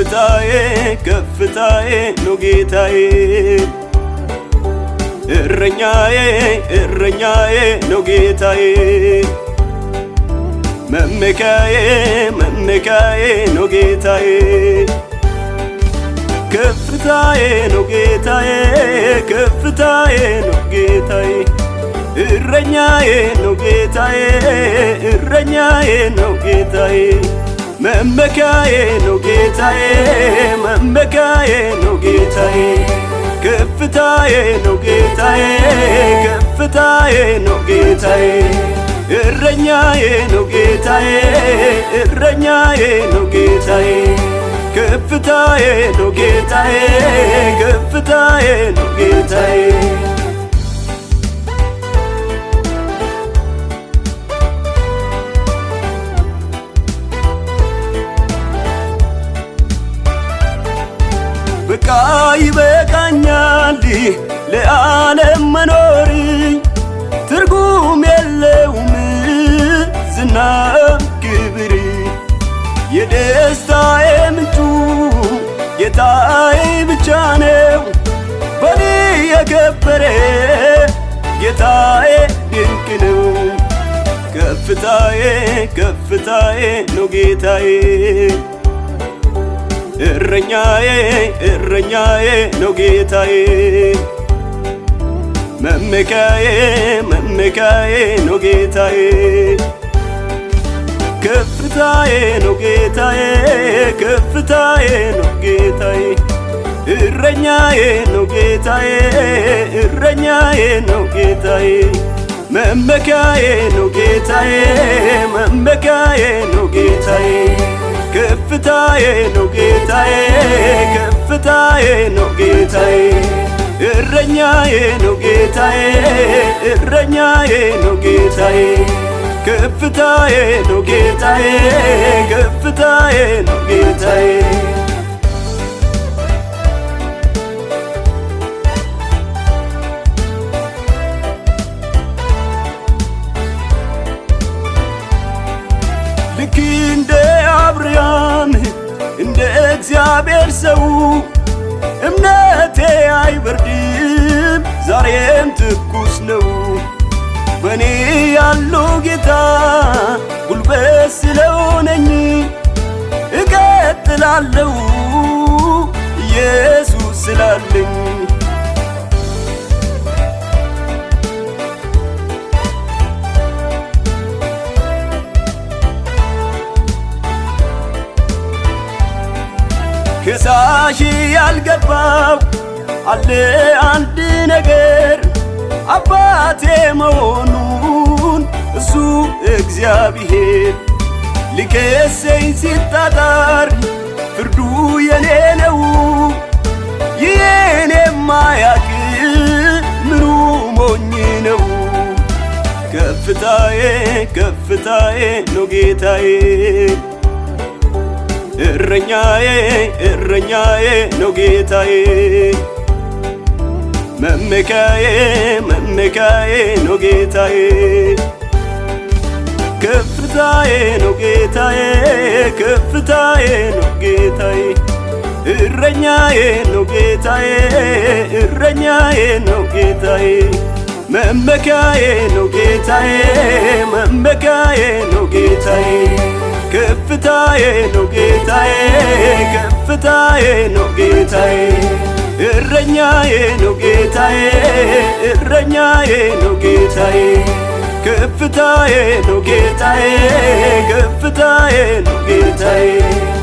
ከፍታዬ ከፍታዬ ነው ጌታዬ እረኛዬ እረኛዬ ነው ጌታዬ መመካዬ መመካዬ ነው ጌታዬ ከፍታዬ ነው ጌታዬ ከፍታዬ ነው ጌታዬ እረኛዬ ነው ጌታዬ እረኛዬ ነው ጌታዬ መመካዬ ነው ጌታዬ መመካዬ ነው ጌታዬ ከፍታዬ ነው ጌታዬ ከፍታዬ ነው ጌታዬ እረኛዬ ነው ጌታዬ እረኛዬ ነው ጌታዬ ከፍታዬ ነው ጌታዬ ከፍታዬ ነው ጌታዬ በቃ ይበቃኛል ለዓለም መኖር ትርጉም የለውም ዝና ክብር የደስታዬ ምንጩ ጌታዬ ብቻ ነው በኔ የከበረ ጌታዬ ድንቅ ነው ከፍታዬ ከፍታዬ ነው ጌታዬ እረኛዬ እረኛዬ ነው ጌታዬ መመካዬ መመካዬ ነው ጌታዬ ከፍታዬ ነው ጌታዬ ከፍታዬ ነው ጌታዬ እረኛዬ ነው ጌታዬ እረኛዬ ነው ጌታዬ መመካዬ ነው ጌታዬ መመካዬ ነው ጌታዬ ከፍታዬ ነው ጌታዬ ከፍታዬ ከፍታዬ ነው ጌታዬ እረኛዬ ነው ጌታዬ እረኛዬ ነው ጌታዬ ከፍታዬ ነው ጌታዬ ከፍታዬ ነው ጌታዬ እግዚአብሔር ሰው እምነቴ አይበርድም ዛሬም ትኩስ ነው። በእኔ ያለው ጌታ ጉልበት ስለሆነኝ እቀጥላለሁ ኢየሱስ ስላለኝ ምላሽ ያልገባው አለ አንድ ነገር አባቴ መሆኑን እሱ እግዚአብሔር ሊከሰኝ ሲጣጣር ፍርዱ የኔ ነው የኔ ማያቅ ምኑ ሞኝ ነው። ከፍታዬ ከፍታዬ ነው ጌታዬ እረኛዬ እረኛዬ ነው ጌታዬ መመካዬ መመካዬ ነው ጌታዬ ከፍታዬ ነው ጌታዬ ከፍታዬ ነው ጌታዬ እረኛዬ ነው ጌታዬ እረኛዬ ነው ጌታዬ መመካዬ ነው ጌታዬ መመካዬ ነው ጌታዬ ከፍታዬ ነው ጌታዬ ከፍታዬ ነው ጌታዬ እረኛዬ ነው ጌታዬ እረኛዬ ነው ጌታዬ ከፍታዬ ነው ጌታዬ ከፍታዬ ነው ጌታዬ